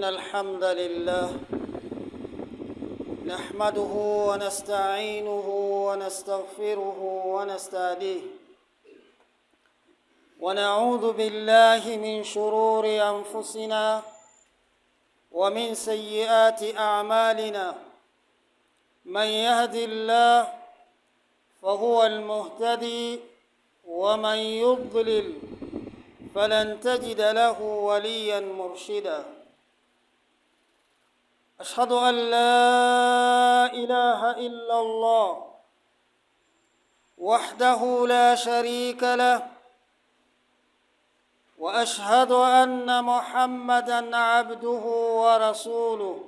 إن الحمد لله نحمده ونستعينه ونستغفره ونستهديه ونعوذ بالله من شرور أنفسنا ومن سيئات أعمالنا من يهد الله فهو المهتدي ومن يضلل فلن تجد له وليا مرشدا أشهد أن لا إله إلا الله وحده لا شريك له وأشهد أن محمدا عبده ورسوله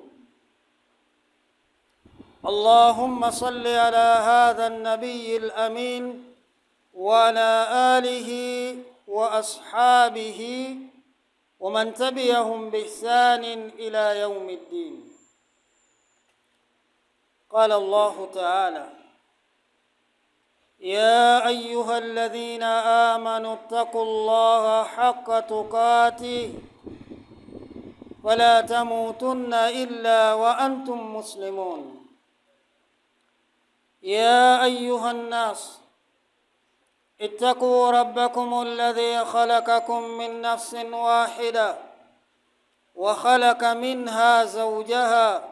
اللهم صل على هذا النبي الأمين وعلى آله وأصحابه ومن تبعهم بإحسان إلى يوم الدين قال الله تعالى يا ايها الذين امنوا اتقوا الله حق تقاته ولا تموتن الا وانتم مسلمون يا ايها الناس اتقوا ربكم الذي خلقكم من نفس واحده وخلق منها زوجها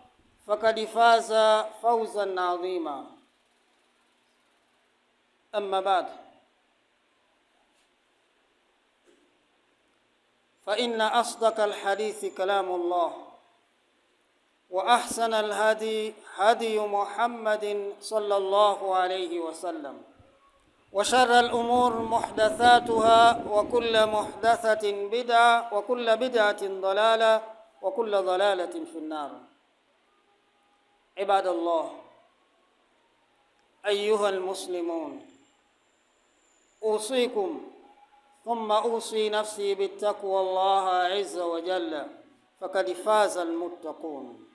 فقد فاز فوزا عظيما أما بعد فإن أصدق الحديث كلام الله وأحسن الهدي هدي محمد صلى الله عليه وسلم وشر الأمور محدثاتها وكل محدثة بدعة وكل بدعة ضلالة وكل ضلالة في النار عباد الله أيها المسلمون أوصيكم ثم أوصي نفسي بالتقوى الله عز وجل فقد فاز المتقون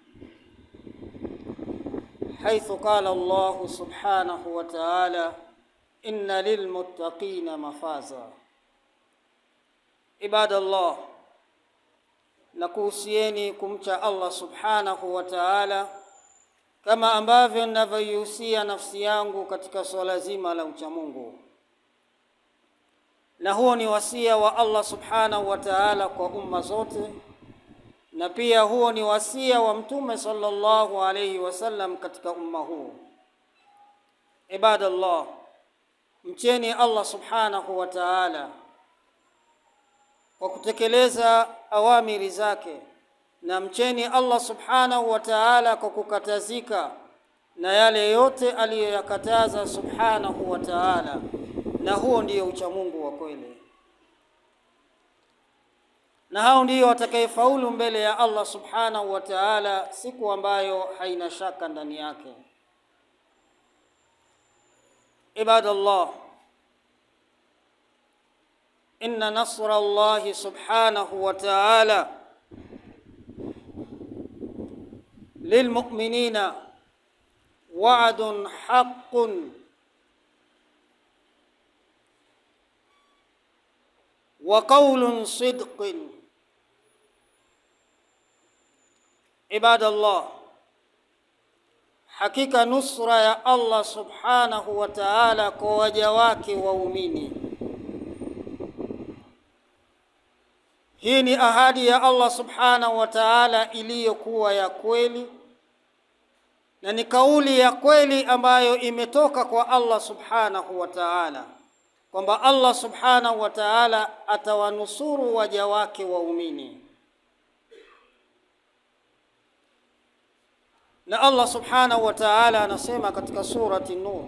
حيث قال الله سبحانه وتعالى إن للمتقين مفازا عباد الله nakuhusieni كمت الله سبحانه وتعالى kama ambavyo ninavyoihusia nafsi yangu katika swala zima la uchamungu, na huo ni wasia wa Allah subhanahu wa ta'ala kwa umma zote, na pia huo ni wasia wa Mtume sallallahu alayhi wasallam katika umma huu. Ibadallah, mcheni Allah subhanahu wa ta'ala kwa kutekeleza awamiri zake na mcheni Allah subhanahu wa ta'ala kwa kukatazika na yale yote aliyoyakataza subhanahu wa ta'ala, na huo ndiyo uchamungu wa kweli, na hao ndiyo watakayefaulu mbele ya Allah subhanahu wa ta'ala siku ambayo haina shaka ndani yake. Ibadallah, inna nasra Allahi subhanahu wa ta'ala للمؤمنين وعد حق وقول صدق عباد الله حقيقة نصر يا الله سبحانه وتعالى كوجواك وأميني هيني أهدي يا الله سبحانه وتعالى إلي يا كويلي na ni kauli ya kweli ambayo imetoka kwa Allah subhanahu wa ta'ala, kwamba Allah subhanahu wa ta'ala atawanusuru waja wake waumini, na Allah subhanahu wa ta'ala anasema katika surati Nur,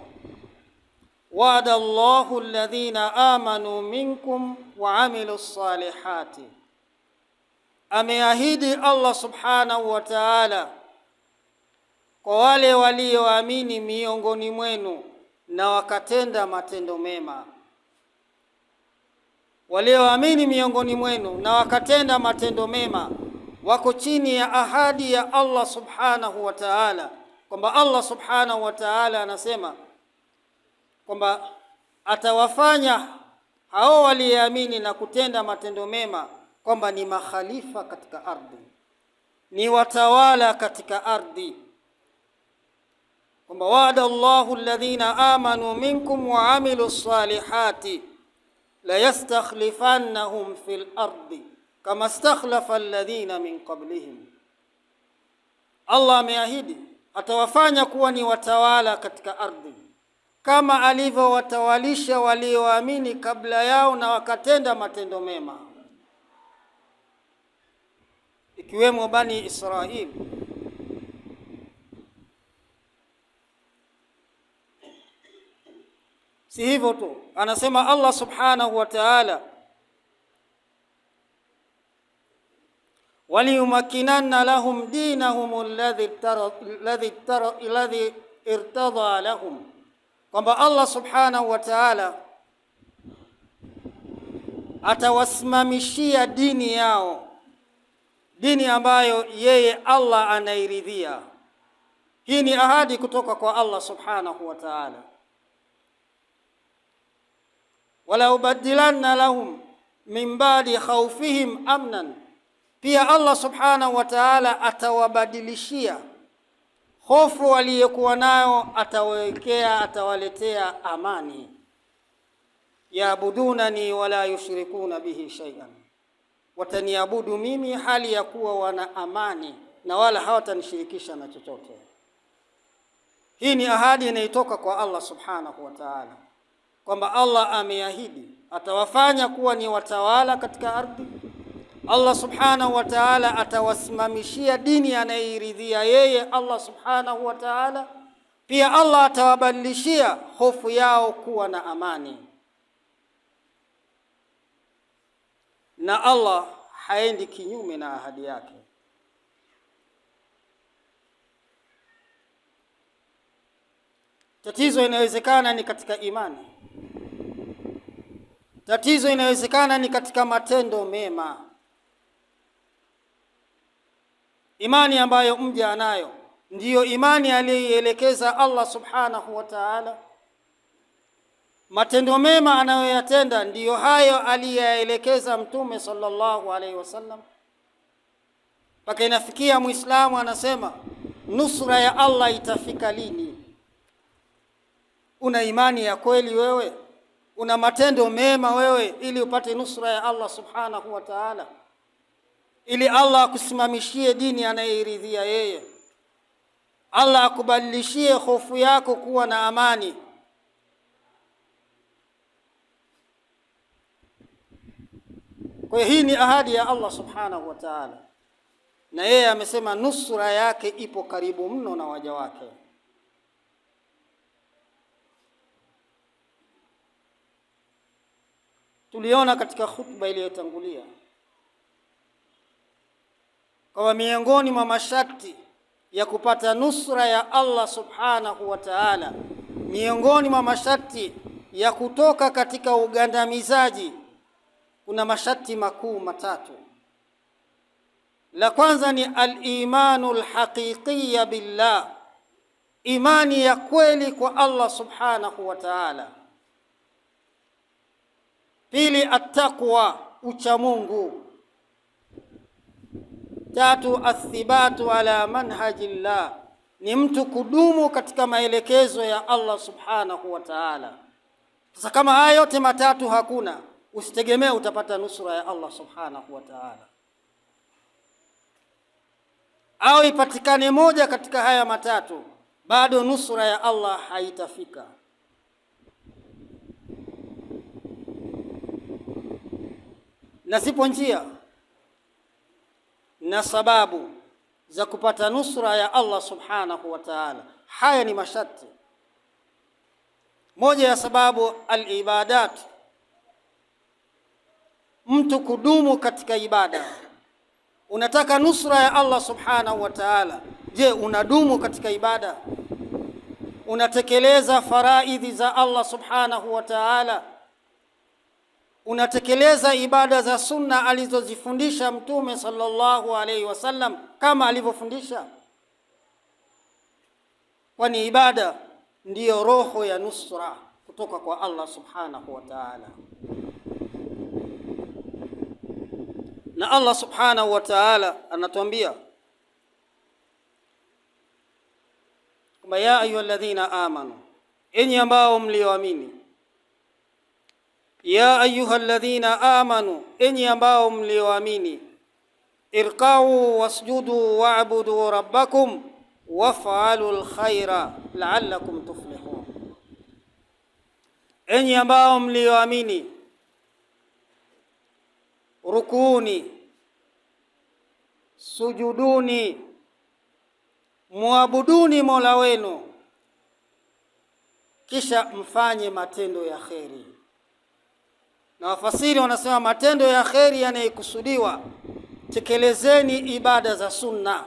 wa'ada Allahu alladhina amanu minkum wa amilu salihati, ameahidi Allah subhanahu wa ta'ala kwa wale walioamini miongoni mwenu na wakatenda matendo mema. Walioamini miongoni mwenu na wakatenda matendo mema wako chini ya ahadi ya Allah subhanahu wa ta'ala, kwamba Allah subhanahu wa ta'ala anasema kwamba atawafanya hao walioamini na kutenda matendo mema kwamba ni makhalifa katika ardhi, ni watawala katika ardhi kwamba waada Allahu alladhina amanu minkum wa amilu salihati la yastakhlifannahum fil ardi kama stakhlafa alladhina min qablihim, Allah ameahidi atawafanya kuwa ni watawala katika ardhi kama alivyowatawalisha walioamini kabla yao na wakatenda matendo mema ikiwemo Bani Israili. Si hivyo tu, anasema Allah subhanahu wa ta'ala, waliyumakkinanna lahum dinahum alladhi irtada lahum, kwamba Allah subhanahu wa ta'ala atawasimamishia dini yao, dini ambayo yeye Allah anairidhia. Hii ni ahadi kutoka kwa Allah subhanahu wa ta'ala wala ubadilanna lahum min ba'di khawfihim amnan, pia Allah subhanahu wa ta'ala atawabadilishia hofu waliyokuwa nayo, atawekea atawaletea amani. Yaabudunani wala yushrikuna bihi shay'an, wataniabudu mimi hali ya kuwa wana amani na wala hawatanishirikisha na chochote. Hii ni ahadi inayotoka kwa Allah subhanahu wa ta'ala kwamba Allah ameahidi atawafanya kuwa ni watawala katika ardhi. Allah subhanahu wa ta'ala atawasimamishia dini anayeiridhia yeye Allah subhanahu wa ta'ala. Pia Allah atawabadilishia hofu yao kuwa na amani, na Allah haendi kinyume na ahadi yake. Tatizo inawezekana ni katika imani Tatizo inawezekana ni katika matendo mema, imani ambayo mja anayo ndiyo imani aliyoielekeza Allah subhanahu wa ta'ala. Matendo mema anayoyatenda ndiyo hayo aliyaelekeza Mtume sallallahu alaihi wasallam, mpaka inafikia Muislamu anasema nusra ya Allah itafika lini? Una imani ya kweli wewe? una matendo mema wewe, ili upate nusra ya Allah subhanahu wa ta'ala, ili Allah akusimamishie dini anayeiridhia yeye, Allah akubadilishie hofu yako kuwa na amani. Kwa hiyo hii ni ahadi ya Allah subhanahu wa ta'ala, na yeye amesema nusra yake ipo karibu mno na waja wake. Tuliona katika khutba iliyotangulia kwamba miongoni mwa masharti ya kupata nusra ya Allah subhanahu wa ta'ala, miongoni mwa masharti ya kutoka katika ugandamizaji, kuna masharti makuu matatu. La kwanza ni al-imanu al-haqiqiyya billah, imani ya kweli kwa Allah subhanahu wa ta'ala Pili, attaqwa, uchamungu. Tatu, athibatu ala manhajillah, ni mtu kudumu katika maelekezo ya Allah subhanahu wa ta'ala. Sasa kama haya yote matatu hakuna, usitegemee utapata nusura ya Allah subhanahu wa ta'ala, au ipatikane moja katika haya matatu, bado nusura ya Allah haitafika. na zipo njia na sababu za kupata nusra ya Allah subhanahu wa ta'ala. Haya ni masharti. Moja ya sababu alibadat, mtu kudumu katika ibada. Unataka nusra ya Allah subhanahu wa ta'ala, je, unadumu katika ibada? Unatekeleza faraidhi za Allah subhanahu wa ta'ala unatekeleza ibada za sunna alizozifundisha Mtume sallallahu alaihi wasallam kama alivyofundisha? Kwani ibada ndiyo roho ya nusra kutoka kwa Allah subhanahu wa ta'ala. Na Allah subhanahu wa ta'ala anatuambia kwamba ya alladhina amanu, enyi ambao mlioamini ya ayuha alladhina amanu, enyi ambao mlioamini, irqau wasjudu waabudu rabbakum wafalu lkhaira laalakum tuflihun, enyi ambao mlioamini, rukuni, sujuduni, mwabuduni mola wenu, kisha mfanye matendo ya kheri na wafasiri wanasema matendo ya kheri yanayokusudiwa, tekelezeni ibada za sunna.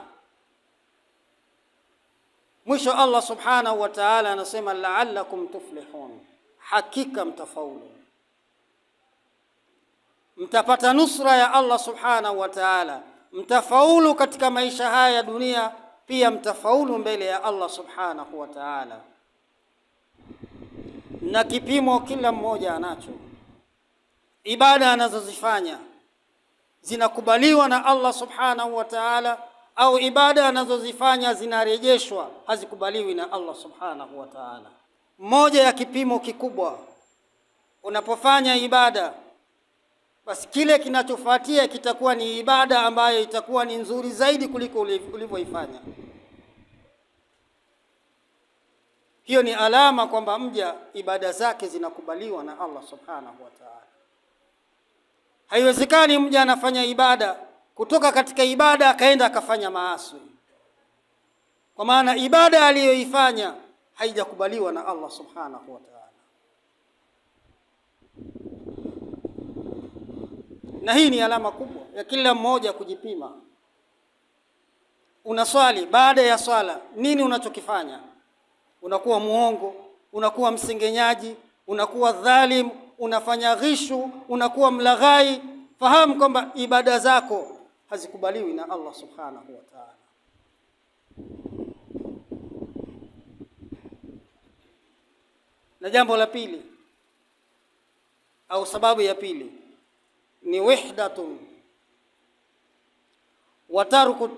Mwisho Allah subhanahu wa ta'ala anasema la'allakum tuflihun, hakika mtafaulu, mtapata nusra ya Allah subhanahu wa ta'ala, mtafaulu katika maisha haya ya dunia, pia mtafaulu mbele ya Allah subhanahu wa ta'ala. Na kipimo kila mmoja anacho ibada anazozifanya zinakubaliwa na Allah subhanahu wa ta'ala, au ibada anazozifanya zinarejeshwa, hazikubaliwi na Allah subhanahu wa ta'ala. Moja ya kipimo kikubwa unapofanya ibada, basi kile kinachofuatia kitakuwa ni ibada ambayo itakuwa ni nzuri zaidi kuliko ulivyoifanya. Hiyo ni alama kwamba mja ibada zake zinakubaliwa na Allah subhanahu wa ta'ala. Haiwezekani mja anafanya ibada kutoka katika ibada akaenda akafanya maasi, kwa maana ibada aliyoifanya haijakubaliwa na Allah subhanahu wa ta'ala. Na hii ni alama kubwa ya kila mmoja kujipima. Unaswali, baada ya swala nini unachokifanya? Unakuwa muongo, unakuwa msengenyaji, unakuwa dhalimu unafanya ghishu, unakuwa mlaghai, fahamu kwamba ibada zako hazikubaliwi na Allah subhanahu wa ta'ala. Na jambo la pili au sababu ya pili ni wihdatun wa tarku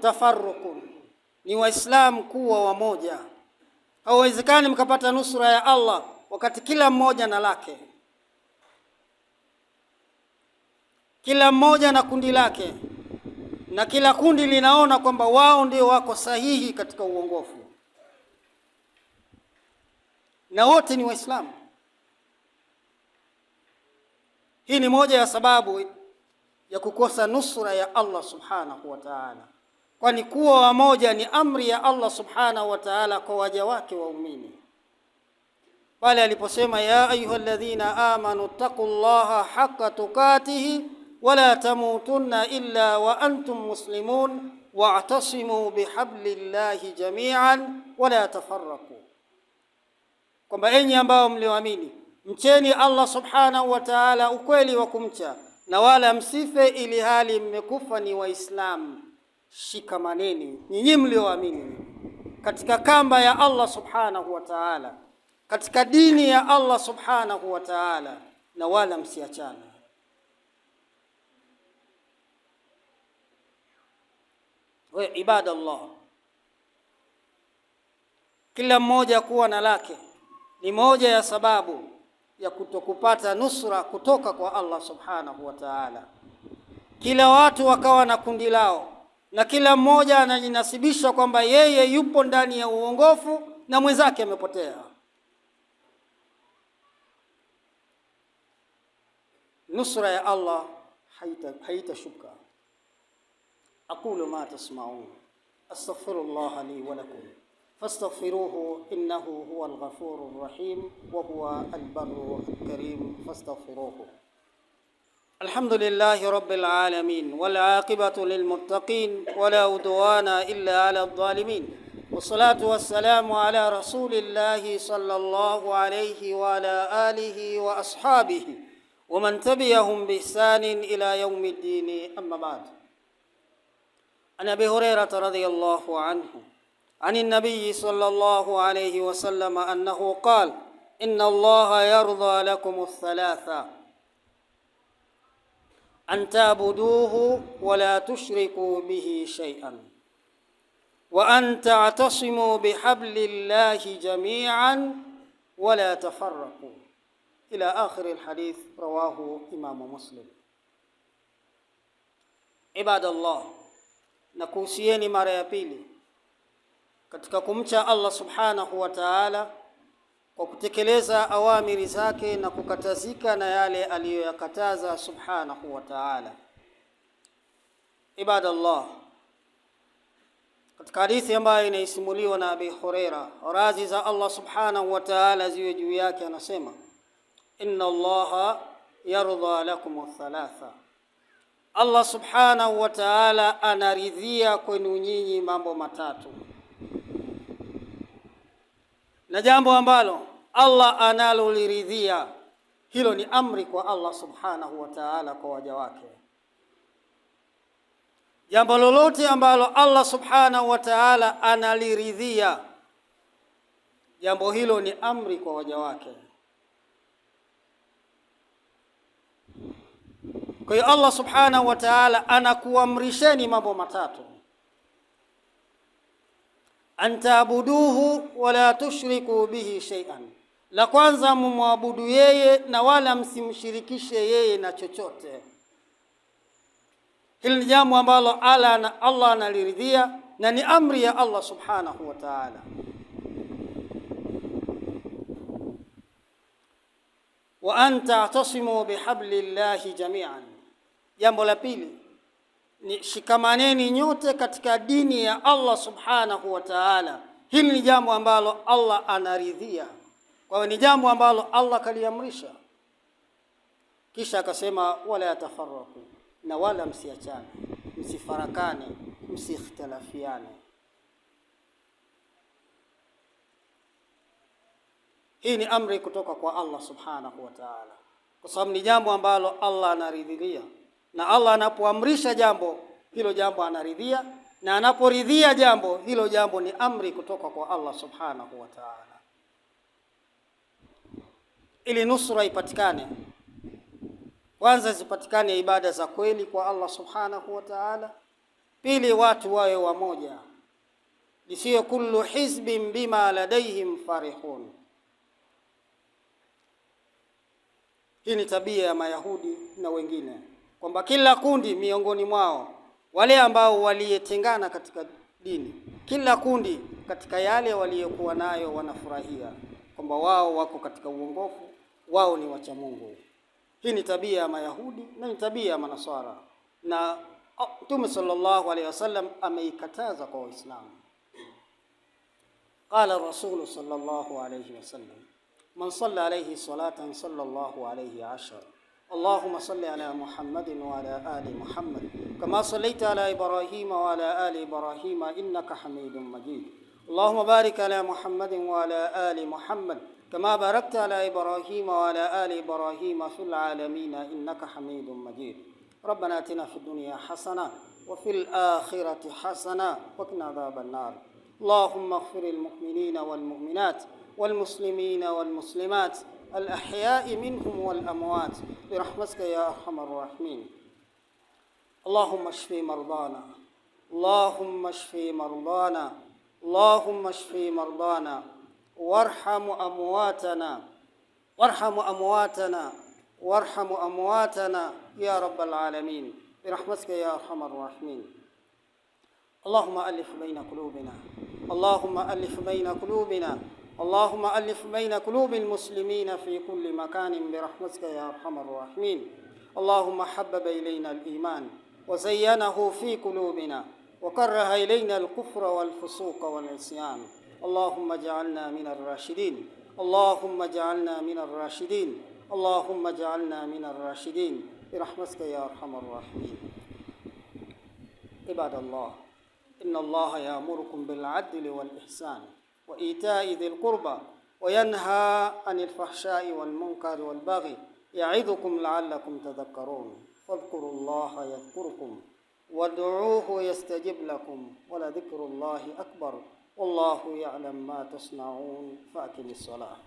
ni Waislamu kuwa wamoja. Hauwezekani mkapata nusura ya Allah wakati kila mmoja na lake. kila mmoja na kundi lake, na kila kundi linaona kwamba wao ndio wako sahihi katika uongofu, na wote ni Waislamu. Hii ni moja ya sababu ya kukosa nusra ya Allah subhanahu wa ta'ala, kwani kuwa wamoja ni amri ya Allah subhanahu wa ta'ala kwa waja wake waumini, pale aliposema ya ayuha alladhina amanu taqullaha haqqa tuqatihi wala تموتن illa وأنتم مسلمون واعتصموا bihabli llahi jamian wala tafarraqu, kwamba enyi ambao mlioamini mcheni Allah subhanahu wa ta'ala ukweli wa kumcha na wala msife ili hali mmekufa ni Waislamu. Shikamaneni nyinyi mlioamini katika kamba ya Allah subhanahu wa ta'ala, katika dini ya Allah subhanahu wa ta'ala, na wala msiachana we ibadallah, kila mmoja kuwa na lake ni moja ya sababu ya kutokupata nusra kutoka kwa Allah subhanahu wa ta'ala. Kila watu wakawa na kundi lao na kila mmoja anajinasibisha kwamba yeye yupo ndani ya uongofu na mwenzake amepotea. Nusra ya Allah haitashuka haita أقول ما تسمعون أستغفر الله لي ولكم فاستغفروه إنه هو الغفور الرحيم وهو البر الكريم فاستغفروه الحمد لله رب العالمين والعاقبة للمتقين ولا أدوان إلا على الظالمين والصلاة والسلام على رسول الله صلى الله عليه وعلى آله وأصحابه ومن تبعهم بإحسان إلى يوم الدين أما بعد عن أبي هريرة رضي الله عنه عن النبي صلى الله عليه وسلم أنه قال إن الله يرضى لكم الثلاثة أن تعبدوه ولا تشركوا به شيئا وأن تعتصموا بحبل الله جميعا ولا تفرقوا إلى آخر الحديث رواه إمام مسلم عباد الله na kuhusieni mara ya pili katika kumcha Allah subhanahu wa ta'ala kwa kutekeleza awamiri zake na kukatazika na yale aliyoyakataza subhanahu wa ta'ala. Ibadallah, katika hadithi ambayo inaisimuliwa na Abi Huraira, razi za Allah subhanahu wa ta'ala ziwe juu yake, anasema inna Allaha yardha lakum thalatha Allah subhanahu wa ta'ala anaridhia kwenu nyinyi mambo matatu, na jambo ambalo Allah analoliridhia hilo ni amri kwa Allah subhanahu wa ta'ala kwa waja wake. Jambo lolote ambalo Allah subhanahu wa ta'ala analiridhia, jambo hilo ni amri kwa waja wake. Kwa hiyo Allah subhanahu wa ta'ala anakuamrisheni mambo matatu, antaabuduhu wala tushriku bihi shay'an, la kwanza mumwabudu yeye na wala msimshirikishe yeye na chochote. Hili ni jambo ambalo Allah analiridhia na ni amri ya Allah subhanahu wa ta'ala. wa anta tasimu bihablillahi jami'an Jambo la pili ni shikamaneni nyote katika dini ya Allah subhanahu wa ta'ala. Hili ni jambo ambalo Allah anaridhia, kwa hiyo ni jambo ambalo Allah kaliamrisha, kisha akasema wala yatafaraku na wala msiachane, msifarakane, msihtalafiane. Hii ni amri kutoka kwa Allah subhanahu wa ta'ala, kwa sababu ni jambo ambalo Allah anaridhia na Allah anapoamrisha jambo hilo jambo anaridhia, na anaporidhia jambo hilo jambo ni amri kutoka kwa Allah subhanahu wa ta'ala. Ili nusra ipatikane, kwanza zipatikane ibada za kweli kwa Allah subhanahu wa ta'ala, pili watu wawe wamoja, lisiyo kullu hizbin bima ladaihim farihun. Hii ni tabia ya Mayahudi na wengine kwamba kila kundi miongoni mwao wale ambao waliyetengana katika dini, kila kundi katika yale waliyokuwa nayo wanafurahia kwamba wao wako katika uongofu, wao ni wacha Mungu. Hii ni tabia ya Mayahudi na ni tabia ya Manaswara, na Mtume sallallahu alaihi wasallam ameikataza kwa Waislamu. Qala rasulu sallallahu alaihi wasallam man salla alaihi salatan sallallahu alaihi ashara اللهم صل على محمد وعلى آل محمد كما صليت على إبراهيم وعلى آل إبراهيم إنك حميد مجيد اللهم بارك على محمد وعلى آل محمد كما باركت على إبراهيم وعلى آل إبراهيم في العالمين إنك حميد مجيد ربنا آتنا في الدنيا حسنة وفي الآخرة حسنة وقنا عذاب النار اللهم اغفر المؤمنين والمؤمنات والمسلمين والمسلمات الأحياء منهم والأموات برحمتك يا أرحم الراحمين اللهم اشف مرضانا اللهم اشف مرضانا اللهم اشف مرضانا وارحم أمواتنا وارحم أمواتنا وارحم أمواتنا يا رب العالمين برحمتك يا أرحم الراحمين اللهم ألف بين قلوبنا اللهم ألف بين قلوبنا اللهم ألف بين قلوب المسلمين في كل مكان برحمتك يا أرحم الراحمين اللهم حبب إلينا الإيمان وزينه في قلوبنا وكره إلينا الكفر والفسوق والعصيان اللهم اجعلنا من الراشدين اللهم اجعلنا من الراشدين اللهم اجعلنا من الراشدين برحمتك يا أرحم الراحمين عباد الله إن الله يأمركم بالعدل والإحسان وإيتاء ذي القربى وينهى عن الفحشاء والمنكر والبغي يعظكم لعلكم تذكرون فاذكروا الله يذكركم وادعوه يستجب لكم ولذكر الله أكبر والله يعلم ما تصنعون فأكل الصلاة